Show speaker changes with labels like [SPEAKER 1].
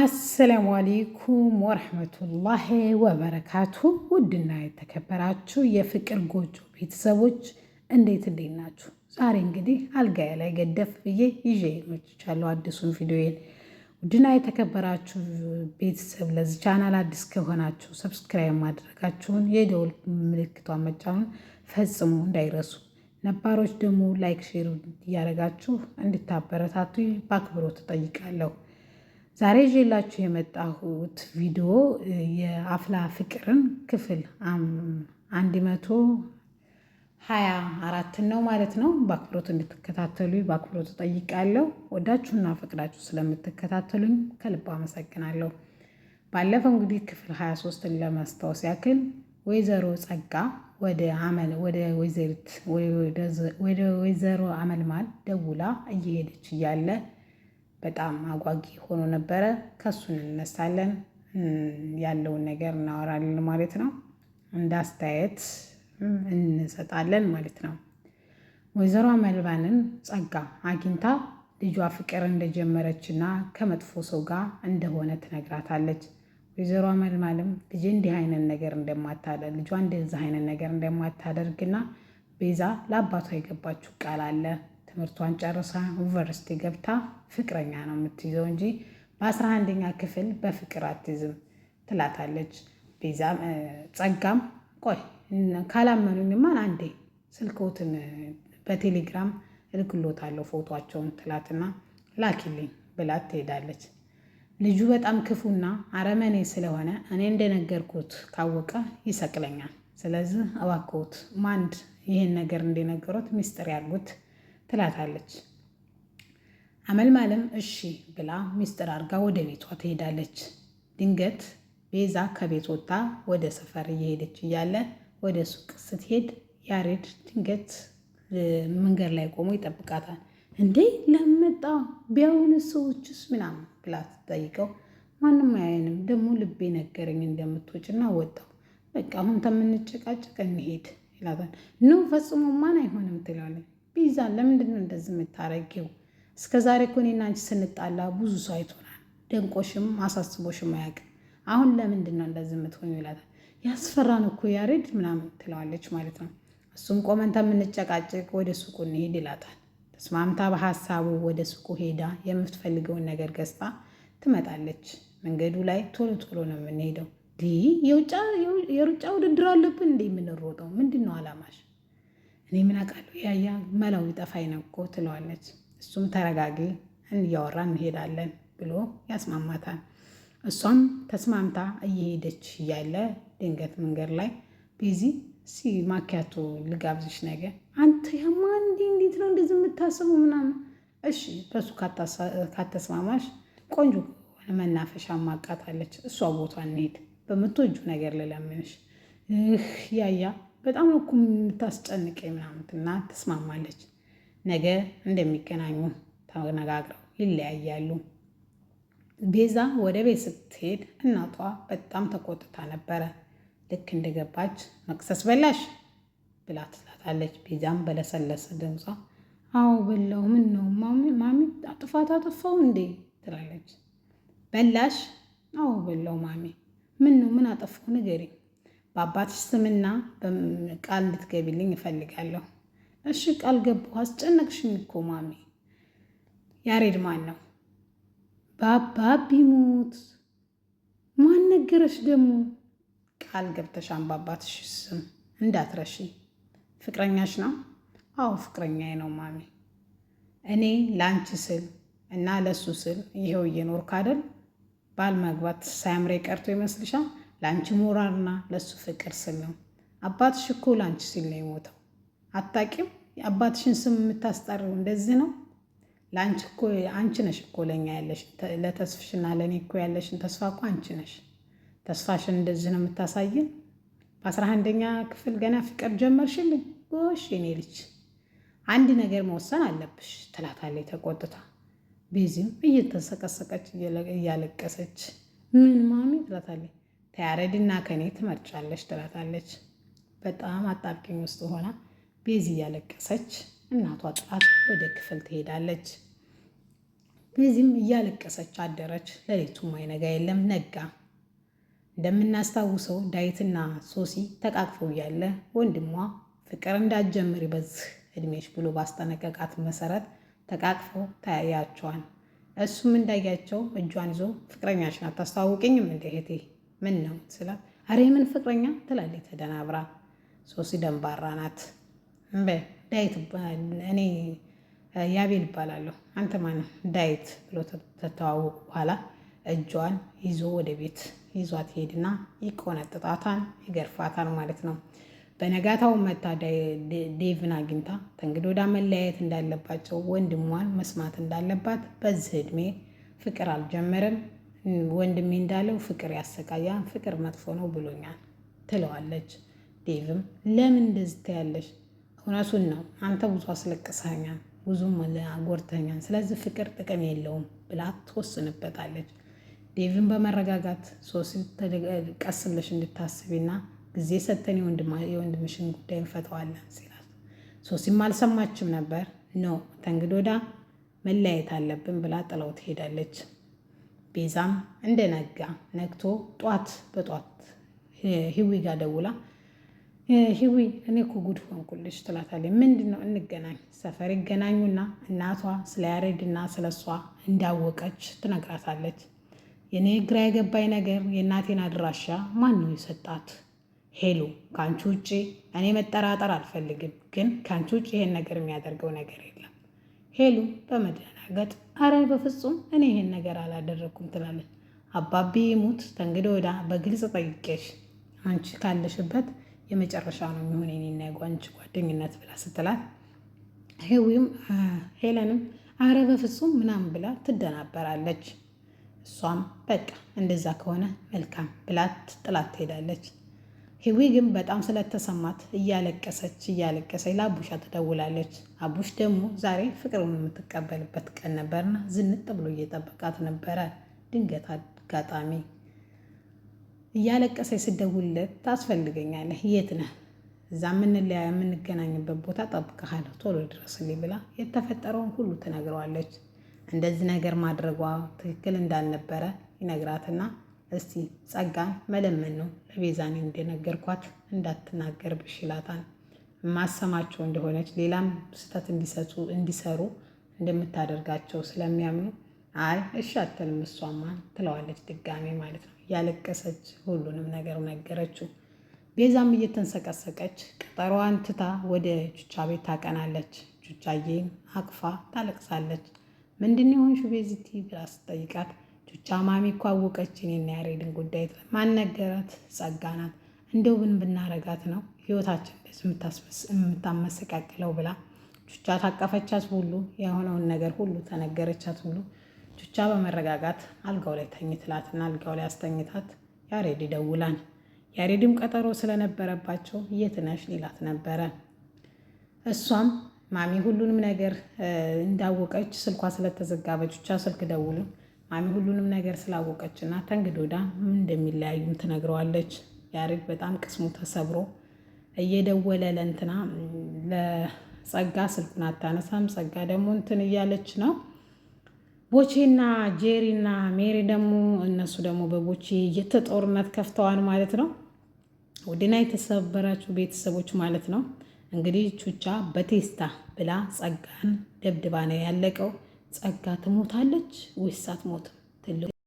[SPEAKER 1] አሰላሙ አሌይኩም ወረህመቱላሂ ወበረካቱ። ውድና የተከበራችሁ የፍቅር ጎጆ ቤተሰቦች እንዴት እንዴት ናችሁ? ዛሬ እንግዲህ አልጋዬ ላይ ገደፍ ብዬ ይዤ መጥቻለሁ አዲሱን ቪዲዮዬን። ውድና የተከበራችሁ ቤተሰብ ለዚህ ቻናል አዲስ ከሆናችሁ ሰብስክራይብ ማድረጋችሁን የደወል ምልክቷን መጫኑን ፈጽሞ እንዳይረሱ ነባሮች ደግሞ ላይክ ሼር እያደረጋችሁ እንድታበረታቱ በአክብሮት እጠይቃለሁ። ዛሬ ይዤላችሁ የመጣሁት ቪዲዮ የአፍላ ፍቅርን ክፍል አንድ መቶ ሀያ አራትን ነው ማለት ነው። በአክብሮት እንድትከታተሉ በአክብሮት ጠይቃለሁ። ወዳችሁና ፈቅዳችሁ ስለምትከታተሉኝ ከልብ አመሰግናለሁ። ባለፈው እንግዲህ ክፍል ሀያ ሶስትን ለማስታወስ ያክል ወይዘሮ ጸጋ ወደ ወይዘሮ አመልማል ደውላ እየሄደች እያለ በጣም አጓጊ ሆኖ ነበረ። ከሱን እንነሳለን ያለውን ነገር እናወራለን ማለት ነው። እንደ አስተያየት እንሰጣለን ማለት ነው። ወይዘሮ መልባንን ጸጋ አግኝታ ልጇ ፍቅር እንደጀመረች እና ከመጥፎ ሰው ጋር እንደሆነ ትነግራታለች። ወይዘሮ መልማልም ልጅ እንዲህ አይነት ነገር እንደማታደርግ ልጇ እንደዚህ አይነት ነገር እንደማታደርግና ቤዛ ለአባቷ የገባችው ቃል አለ ትምህርቷን ጨርሳ ዩኒቨርሲቲ ገብታ ፍቅረኛ ነው የምትይዘው እንጂ በአስራ አንደኛ ክፍል በፍቅር አትይዝም ትላታለች። ቤዛም ጸጋም ቆይ ካላመኑኝማ አንዴ ስልክዎትን በቴሌግራም እልክሎታለሁ ፎቶቸውን ትላትና ላኪልኝ ብላት ትሄዳለች። ልጁ በጣም ክፉና አረመኔ ስለሆነ እኔ እንደነገርኩት ካወቀ ይሰቅለኛል። ስለዚህ እባክዎት ማንድ ይህን ነገር እንደነገሮት ሚስጥር ያርጉት ትላታለች። አመልማልም እሺ ብላ ሚስጥር አድርጋ ወደ ቤቷ ትሄዳለች። ድንገት ቤዛ ከቤት ወጣ ወደ ሰፈር እየሄደች እያለ ወደ ሱቅ ስትሄድ ያሬድ ድንገት መንገድ ላይ ቆሞ ይጠብቃታል። እንዴ ለመጣ ቢያዩን ሰዎችስ ምናምን ብላ ትጠይቀው። ማንም አያየንም፣ ደግሞ ልቤ ነገረኝ እንደምትወጭና ወጣው። በቃ አሁን ተምንጨቃጨቅ እንሄድ ይላታል። ኖ ማን አይሆንም ትላለች። ቢዛ ለምንድን ነው እንደዚህ የምታረጊው? እስከ ዛሬ እኮ እኔና አንቺ ስንጣላ ብዙ ሰው አይቶናል። ደንቆሽም አሳስቦሽም አያውቅም። አሁን ለምንድን ነው እንደዚህ የምትሆኑ ይላታል። ያስፈራን እኮ ያሬድ ምናምን ትለዋለች ማለት ነው። እሱም ቆመንታ የምንጨቃጭቅ ወደ ሱቁ እንሄድ ይላታል። ተስማምታ በሀሳቡ ወደ ሱቁ ሄዳ የምትፈልገውን ነገር ገዝታ ትመጣለች። መንገዱ ላይ ቶሎ ቶሎ ነው የምንሄደው። የሩጫ ውድድር አለብን እንደ የምንሮጠው ምንድን ነው አላማሽ? እኔ ምን አውቃለሁ ያያ መላው ይጠፋኝ ነው እኮ ትለዋለች። እሱም ተረጋጊ እያወራ እንሄዳለን ብሎ ያስማማታል። እሷም ተስማምታ እየሄደች እያለ ድንገት መንገድ ላይ ቤዚ ሲ ማኪያቶ ልጋብዝሽ ነገ አንተ ያማ እንዲ እንዴት ነው እንደዚህ የምታስቡ ምናምን። እሺ በሱ ካተስማማሽ ቆንጆ ከሆነ መናፈሻ ማቃታለች። እሷ ቦታ እንሄድ በምትወጁ ነገር ልለምንሽ ያያ በጣም እኮ የምታስጨንቀ ምናምን እና ትስማማለች። ነገ እንደሚገናኙ ተነጋግረው ይለያያሉ። ቤዛ ወደ ቤት ስትሄድ እናቷ በጣም ተቆጥታ ነበረ። ልክ እንደገባች መክሰስ በላሽ ብላ ትላታለች። ቤዛም በለሰለሰ ድምጿ አዎ በላው፣ ምን ነው ማሚ ጥፋት አጠፋው እንዴ ትላለች። በላሽ? አዎ በላው ማሚ። ምን ነው ምን አጠፋው ንገሪኝ በአባትሽ ስምና ቃል እንድትገቢልኝ እፈልጋለሁ። እሺ ቃል ገባሁ። አስጨነቅሽኝ እኮ ማሚ። ያሬድ ማን ነው? ባባ ቢሞት ማን ነገረሽ ደግሞ? ቃል ገብተሻን በአባትሽ ስም እንዳትረሺ። ፍቅረኛሽ ነው? አዎ ፍቅረኛዬ ነው ማሚ። እኔ ለአንቺ ስል እና ለእሱ ስል ይኸው እየኖርክ አይደል? ባል መግባት ሳያምሬ ቀርቶ ይመስልሻል? ለአንቺ ሞራልና ለእሱ ፍቅር ስም ነው። አባትሽ እኮ ለአንቺ ሲል ነው የሞተው። አታቂም? የአባትሽን ስም የምታስጠሪው እንደዚህ ነው። ለአንቺ እኮ አንቺ ነሽ እኮ ለኛ ያለሽ ለተስፍሽና ለእኔ እኮ ያለሽን ተስፋ እኮ አንቺ ነሽ። ተስፋሽን እንደዚህ ነው የምታሳይን። በአስራ አንደኛ ክፍል ገና ፍቅር ጀመርሽልኝ። ጎሽ የኔ ልጅ አንድ ነገር መወሰን አለብሽ ትላታለች ተቆጥታ። ቤዚም እየተሰቀሰቀች እያለቀሰች ምን ማሚ ትላታለች። ተያሬድና ከኔ ትመርጫለች ትላታለች። በጣም አጣብቂኝ ውስጥ ሆና ቤዚ እያለቀሰች እናቷ ጥራት ወደ ክፍል ትሄዳለች። ቤዚም እያለቀሰች አደረች። ሌሊቱም ማይነጋ የለም ነጋ። እንደምናስታውሰው ዳዊትና ሶሲ ተቃቅፈው እያለ ወንድሟ ፍቅር እንዳትጀምሪ በዚህ እድሜሽ ብሎ ባስጠነቀቃት መሰረት ተቃቅፈው ተያያቸዋል። እሱም እንዳያቸው እጇን ይዞ ፍቅረኛሽን አታስተዋውቅኝም እንደ እህቴ ምን ነው ስላት፣ አሬ ምን ፍቅረኛ ትላለች ተደናብራ። ሶሲ ደንባራ ናት። ዳይት እኔ ያቤል ይባላለሁ አንተ ማን? ዳይት ብሎ ተተዋወቁ በኋላ እጇን ይዞ ወደ ቤት ይዟት ይሄድና ይቆነጥጣታን ይገርፋታል ማለት ነው። በነጋታው መታ ዴቭን አግኝታ ተንግዶ ወዳ መለያየት እንዳለባቸው ወንድሟን መስማት እንዳለባት በዚህ ዕድሜ ፍቅር አልጀመረም ወንድሜ እንዳለው ፍቅር ያሰቃያል፣ ፍቅር መጥፎ ነው ብሎኛል ትለዋለች። ዴቭም ለምን እንደዚህ ትያለሽ? እውነቱን ነው አንተ ብዙ አስለቅሰኛል፣ ብዙም አጎርተኛል፣ ስለዚህ ፍቅር ጥቅም የለውም ብላ ትወስንበታለች። ዴቭን በመረጋጋት ሶስን ቀስ ብለሽ እንድታስቢና ጊዜ ሰተን የወንድምሽን ጉዳይ እንፈተዋለን ሲላት፣ ሶሲም አልሰማችም ነበር። ኖ ተንግዶዳ መለያየት አለብን ብላ ጥለው ትሄዳለች። ቤዛም እንደነጋ ነግቶ ጧት በጧት ሂዊ ጋር ደውላ ሂዊ እኔ እኮ ጉድ ሆንኩልሽ ትላታለች። ምንድን ነው እንገናኝ። ሰፈር ይገናኙና እናቷ ስለ ያሬድና ስለ እሷ እንዳወቀች ትነግራታለች። የእኔ ግራ የገባኝ ነገር የእናቴን አድራሻ ማን ነው የሰጣት? ሄሉ ከአንቺ ውጭ እኔ መጠራጠር አልፈልግም፣ ግን ከአንቺ ውጭ ይሄን ነገር የሚያደርገው ነገር የለም። ሄሉ በመደናገጥ አረ በፍጹም እኔ ይሄን ነገር አላደረግኩም ትላለች። አባቤ ሙት ተንግዶ ወዳ በግልጽ ጠይቄሽ አንቺ ካለሽበት የመጨረሻ ነው የሚሆን የኔና የጓንች ጓደኝነት ብላ ስትላት፣ ሄዊም ሄለንም አረ በፍጹም ምናምን ብላ ትደናበራለች። እሷም በቃ እንደዛ ከሆነ መልካም ብላት ጥላት ትሄዳለች። ሄዊ ግን በጣም ስለተሰማት እያለቀሰች እያለቀሰች ለአቡሻ ትደውላለች። አቡሽ ደግሞ ዛሬ ፍቅሩን የምትቀበልበት ቀን ነበርና ዝንጥ ብሎ እየጠበቃት ነበረ። ድንገት አጋጣሚ እያለቀሰች ስደውልለት ታስፈልገኛለህ፣ የት ነህ? እዛ ምንለያ የምንገናኝበት ቦታ ጠብቀሃለሁ፣ ቶሎ ድረስልኝ ብላ የተፈጠረውን ሁሉ ትነግረዋለች። እንደዚህ ነገር ማድረጓ ትክክል እንዳልነበረ ይነግራትና እስቲ ጸጋን መለመን ነው። ለቤዛኔ እንደነገርኳት እንዳትናገር ብሽ ማሰማቸው እንደሆነች ሌላም ስህተት እንዲሰጡ እንዲሰሩ እንደምታደርጋቸው ስለሚያምኑ አይ እሺ አትልም እሷማ ትለዋለች። ድጋሜ ማለት ነው እያለቀሰች ሁሉንም ነገር ነገረችው። ቤዛም እየተንሰቀሰቀች ቀጠሯዋን ትታ ወደ ቹቻ ቤት ታቀናለች። ቹቻዬ አቅፋ ታለቅሳለች። ምንድን የሆንሽ ቤዚቲ ብላ ጩጫ ማሚ እኮ አወቀች እኔና ያሬድን ጉዳይ ማነገራት ጸጋ ናት። እንደው ብን ብናረጋት ነው ህይወታችን የምታመሰቃቅለው ብላ ቹቻ ታቀፈቻት ሁሉ የሆነውን ነገር ሁሉ ተነገረቻት ሁሉ ቹቻ በመረጋጋት አልጋው ላይ ተኝትላትና አልጋው ላይ አስተኝታት ያሬድ ይደውላል። ያሬድም ቀጠሮ ስለነበረባቸው የትነሽ ሊላት ነበረ። እሷም ማሚ ሁሉንም ነገር እንዳወቀች ስልኳ ስለተዘጋ በቹቻ ስልክ ደውሉን አሚ ሁሉንም ነገር ስላወቀች እና ተንግዶዳ ምን እንደሚለያዩም ትነግረዋለች። ያሬድ በጣም ቅስሙ ተሰብሮ እየደወለ ለእንትና ለጸጋ ስልኩን አታነሳም። ጸጋ ደግሞ እንትን እያለች ነው። ቦቼና ጄሪና ሜሪ ደግሞ እነሱ ደግሞ በቦቼ የተጦርነት ከፍተዋል ማለት ነው። ውድና የተሰበራችሁ ቤተሰቦች ማለት ነው እንግዲህ ቹቻ በቴስታ ብላ ጸጋን ደብድባ ነው ያለቀው። ጸጋ ትሞታለች ወይስ አትሞትም?